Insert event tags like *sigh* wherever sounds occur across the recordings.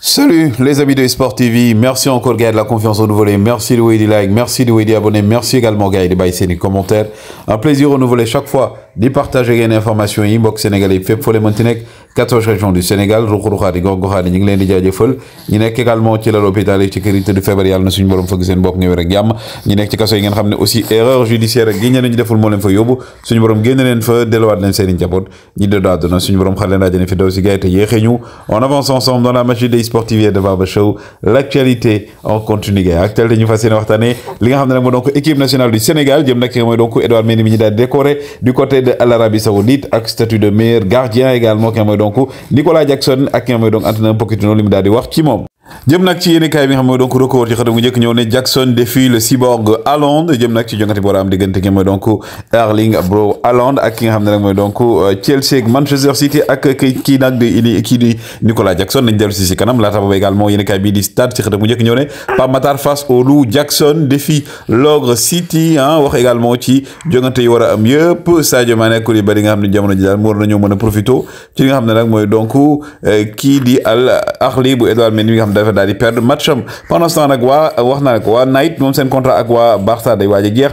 Salut les amis de Sport TV, merci encore Gaël de la confiance renouvelée, merci de vous merci de vous merci également Gaël de baisser les commentaires. Un plaisir renouvelé chaque fois di partager ngeen information yi mbokk sénégalais yi fépp le mënti nekk quatorze régions du Sénégal ruq-ruqaat yi gox-goxaat yi ñu ngi leen di jaajëfal ñi nekk également ci lal hôpital yi ci kër yi tëdd feebar yàlla na suñu borom fëgg seen bopp nga wér ak jàmm ñi nekk ci kaso yi ngeen xam ne aussi erreur judiciaire ak gi ñeneen ñu deful moo leen fa yóbbu suñu borom génn leen fa delluwaat leen seen i njaboot ñi dëddu àdduna suñu borom xale leen àjjana fi daw si gars yi te yéexee ñu on avance ensemble dans la magie des sportifs et de Baba Show l'actualité en continu gars actualité ñu fas yéene waxtaanee li nga xam ne nag moo donc équipe nationale du Sénégal jëm nag mooy donc Edouard Mendy mi ñu daal décoré du côté à l'Arabie Saoudite avec statut de meilleur gardien également qui a donc Nicolas Jackson à qui on donc Antonin Pochettino li nous wax ci jëm nak ci yene kay bi nga xam donc record ci xatam gu njëkk ñëw ne Jackson défie le cyborg Haaland jëm nak ci jëngati boora am diggante ki donc Erling Bro Haaland ak ki nga xam ne moy donc euh, Chelsea ak Manchester City ak ki nak di kii di Nicolas Jackson nañ dellu kanam la kanam laata booba yene kay bi di stade ci xatam gu njëkk ñëw ne Pape Matar face au Lou Jackson défie l'ogre City hein wax également ci jongante yi war am yëpp Sadio Mané Koulibaly nga xam ne jamono ji dal mo war nañoo mën profito ci nga xam ne nag mooy donc euh, ki di Al Ahly bu Edouard Mendy nga dafa daal di perdre match am pendant ce temps wax naa ne ko waa Knight moom seen contrat ak waa Barça day waaj a jeex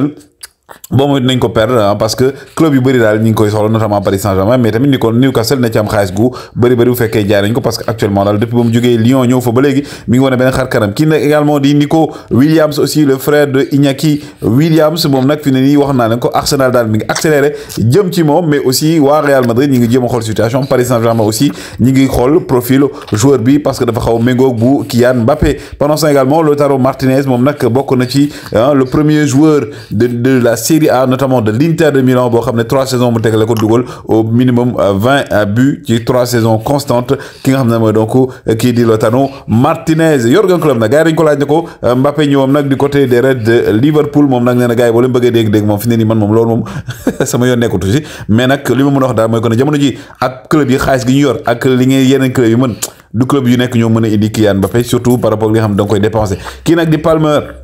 Brüssel bon mais dinañ ko perdre hein, parce que club yu bëri daal ñi ngi koy soxla notamment Paris Saint-Germain mais tamit ni ko Newcastle na ci am xaalis gu bëri bëri bu fekkee jaay ko parce que actuellement dal depuis ba mu jógee Lyon Lyon fa ba léegi mi ngi wane benn xar kanam également di Nico Williams aussi le frère de Iñaki Williams bon nag fi ne nii wax naa leen ko Arsenal dal mi ngi accéléré jëm ci mais aussi waa Real Madrid ñi ngi jéem a situation Paris Saint-Germain aussi ñi ngi xool profil joueur bi parce que dafa xaw méngoog bu Kylian Mbappé pendant ça également Lautaro Martinez moom que beaucoup na ci hein, le premier joueur de de la Série A notamment de l'Inter de Milan bo xamné ne trois saisons mu teg ko dougal au minimum 20 euh, buts ci trois saisons constantes ki nga xamné ne donc euh, kii di Lautaro Martinez Jürgen Klopp nag gars yi ko laaj ko euh, Mbappé ñëwoon nak di côté des Reds de Liverpool mom nak nee gay bo yi boo leen bëggee dégg-dégg mom fi ne nii man mom lool mom *laughs* sama yoon nekkatu ci mais nak li ma mën wax da moy ko né jamono ji ak club yi xaliss gi ñu yor ak li ngay yeneen club yi mën du club yu nekk ñoo mëna indi Kylian Mbappé surtout par rapport li nga xam ne da nga koy dépensé kii nag di Palmer.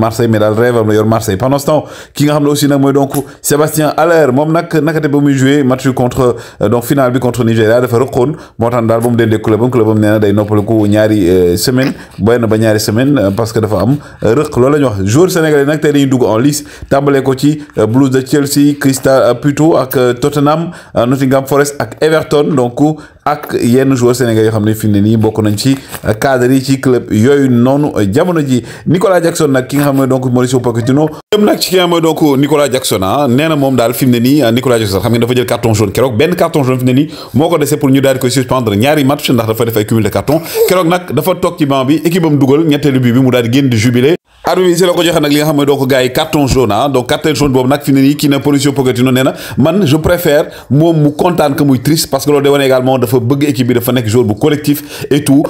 Marseille mais dal rêve meilleur Marseille pendant ce temps qui nga xam aussi nak moy donc Sébastien Haller mom nak nakaté bu muy jouer. match contre euh, donc finale bi contre Nigéria dafa rëqoon moo tax daal ba mu dendee club am club am nee na day noppaliku ñaari euh, semaine benn ba ñaari semaine euh, parce que dafa am rëq loolu la wax joueur sénégalais nak tay dañuy dugg en lice tàmbalee ko ci Blues de Chelsea Crystal plutôt ak Tottenham Nottingham Forest ak Everton donc ak yenn joueur sénégalais yoo xam ne fi mu ne nii bokk nañ ci cadre yi ci club yooyu noonu jamono ji Nicolas Jackson nag ki nga xam ne donc Mauricio Pochettino dem nag ci ki nga xam ne donc Nicolas Jackson ah nee na moom daal fi mu ne nii ah, Nicolas Jackson xam nga dafa jël carton jaune keroog benn carton jaune fi mu ne nii moo ko dese pour ñu daal di koy suspendre ñaari match ndax dafa def ay cumul de carton keroog nag dafa toog ci banc bi équipe am dugal ñetteelu bi bi mu daal di génn di jubilé arbitre bi si la ko joxe nag li nga xam ne donc gars yi carton jaune ah donc carton jaune boobu nag fi mu ne nii kii na Mauricio Pochettino nee na man je préfère moom mu kontaan que muy triste parce que loolu day wane également dafa bëgg équipe bi dafa nekk joueur bu collectif et tout.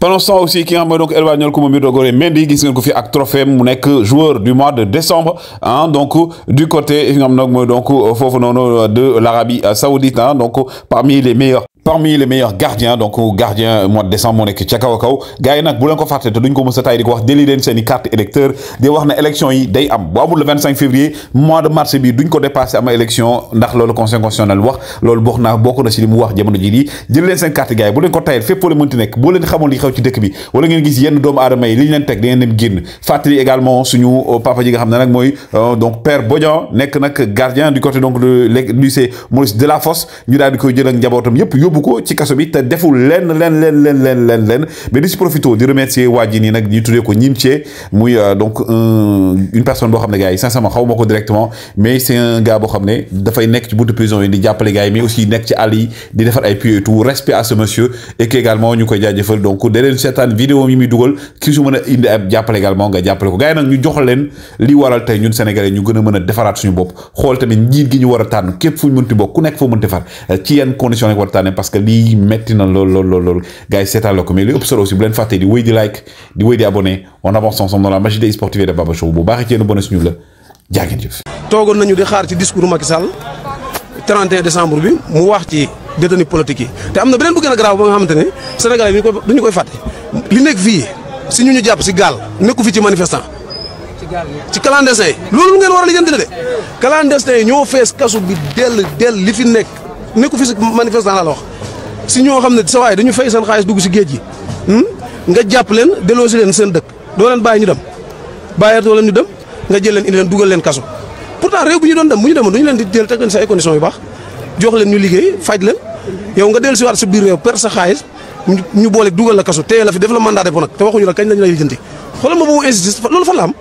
pendant ce temps aussi qui nga xam ne donc El Koumba Mbodogore Mendy gis ngeen ko fi ak trophée mu nekk joueur du mois de décembre hein donc du côté nga donc fofu nono de l'Arabie Saoudite hein donc parmi les meilleurs parmi les meilleurs gardiens donc au gardien mois de décembre moo nekk ca kaw gars yi bu len ko fàtte te duñ ko mës tay di ko wax déli leen seen carte électeur di wax na élection yi day am bu amul le 25 février mois de mars bi duñ ko dépasser am élection ndax lolu conseil constitutionnel wax lolu bokk naa bokk na si li wax jëmono ji di jël leen seen carte gars bu len ko tayal fépp foo leen mënti nekk boo leen xamoon li xew ci dëkk bi wala ngeen gis yenn doom adamay liñ len tek di teg ngeen dem génn fàttali également suñu euh, papa ji nga xam nak moy euh, donc père Bodian nek nak gardien du côté donc du lycée Maurice Delafosse ñu dal di koy jël ak njabootam yëpp ci kasso bi te deful mais di profito di remercier euh, donc une personne directement mais c'est un gars bo ci prison yi di gars mais aussi nekk ci ali di ay tout respect à ce monsieur et que également ñu koy donc une leen vidéo yi mi duggal ki su indi ab également nga ko gars nak ñu jox leen li waral tay ñun sénégalais ñu parce que li metti na gars c'est mais li aussi bu di di like di on avance ensemble dans la magie des de Baba Show bu ci la nañu di xaar ci discours 31 décembre bi mu wax ci détenu politique yi té bu a nga xamanté Sénégalais bi koy faté li si ñu ñu fi ci manifestant. ci clandestin ngeen wara de clandestin ñoo fess kasu bi del del li fi nek fi ci manifestant wax si ñoo xam ne sa waay dañu fay seen xaalis dugg si géej gi hmm? nga jàpp leen delloosi leen seen dëkk doo leen bàyyi ñu dem bàyyi doo leen ñu dem nga jël leen indi leen dugal leen kaso pourtant réew bu ñu doon dem bu ñu demoon du ñu leen di jël teg leen si ay conditions yu baax jox leen ñu liggéey faj leen yow nga dellu si waat sa biir réew per sa xaalis ñu boole dugal la kaso téye la fi def la mandat de dépôt nag te waxuñu la kañ lañ lay lijjanti xoolal ma boobu injustice loolu fan la am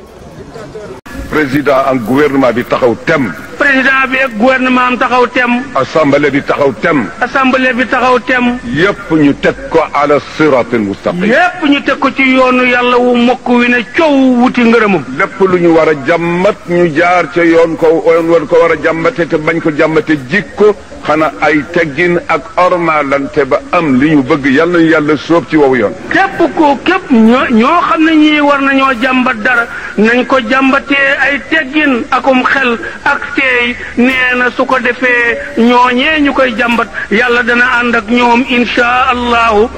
président ak gouvernement bi taxaw tem président bi ak gouvernement am taxaw tem. assemblée bi taxaw tem. assemblée bi taxaw tem. yëpp ñu teg ko ala siratil mustaqim. yëpp ñu teg ko ci yoonu yàlla wu mokk wi ne coow wuti ngërëmam. lépp lu ñu war a jàmmat ñu jaar ca yoon ko yoon ko war a jàmmate te bañ ko jàmmate jikko xanaa ay teggin ak ormalante ba am li ñu bëgg yàlla yàlla sóob ci wowu yoon. képp ko képp ñoo xam ne ñii war nañoo jàmbat dara nañ ko jàmbatee ay teggin akum xel ak. liggéey nee na su ko defee ñooñee ñu koy jàmbat yàlla dana ànd ak ñoom insha allahu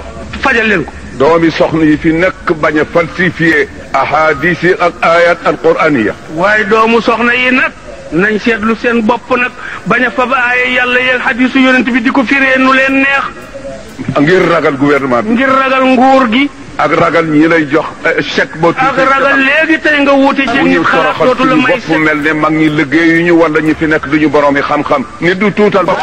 fajal leen ko. doomi soxna yi fi nekk bañ a falsifié ahadis yi ak ayat alquraniya waaye doomu soxna yi nag nañ seetlu seen bopp nag bañ a fab aaya yàlla yeeg hadisu yonent bi di ko firee nu leen neex. ngir ragal gouvernement ngir ragal nguur gi. ak ragal ñi lay jox chèque ba. ak ragal léegi tey nga wuti ci nit xalaat dootu la may bopp mel ne mag ñi liggéeyu ñu wala ñu fi nekk duñu borom yi xam-xam. nit du tuutal ba.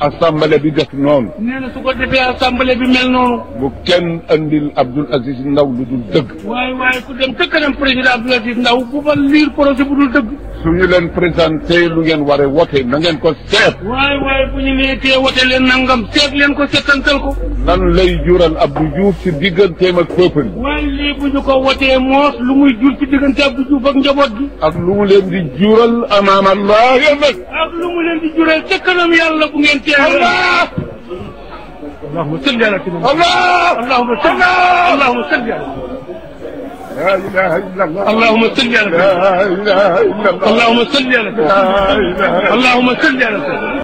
assemblée bi def noonu. nee na su ko defee assemblée bi mel noonu. bu kenn andil Abdoul Aziz Ndaw lu dul dëgg. waay waay ku dem te kanam président Abdoul Aziz Ndaw bu fa liir projet bu dul dëgg. su ñu leen présenté lu ngeen war a wote na ngeen ko seet. waay waay bu ñu nee tee wote leen nangam seet leen ko seetantal ko. lan lay jural Abdou Diouf ci digganteem ak peuple. waay lii bu ñu ko wotee moos lu muy jur ci diggante Abdou Diouf ak njaboot gi. ak lu mu leen di jural amaam Allah yëpp. ak lu mu leen di jural ca kanam yàlla bu ngeen tee. Allah. allahumma salli ala Allah allahumma salli. allahumma لا اله الا الله اللهم صل على سيدنا اللهم صل على سيدنا اللهم صل على سيدنا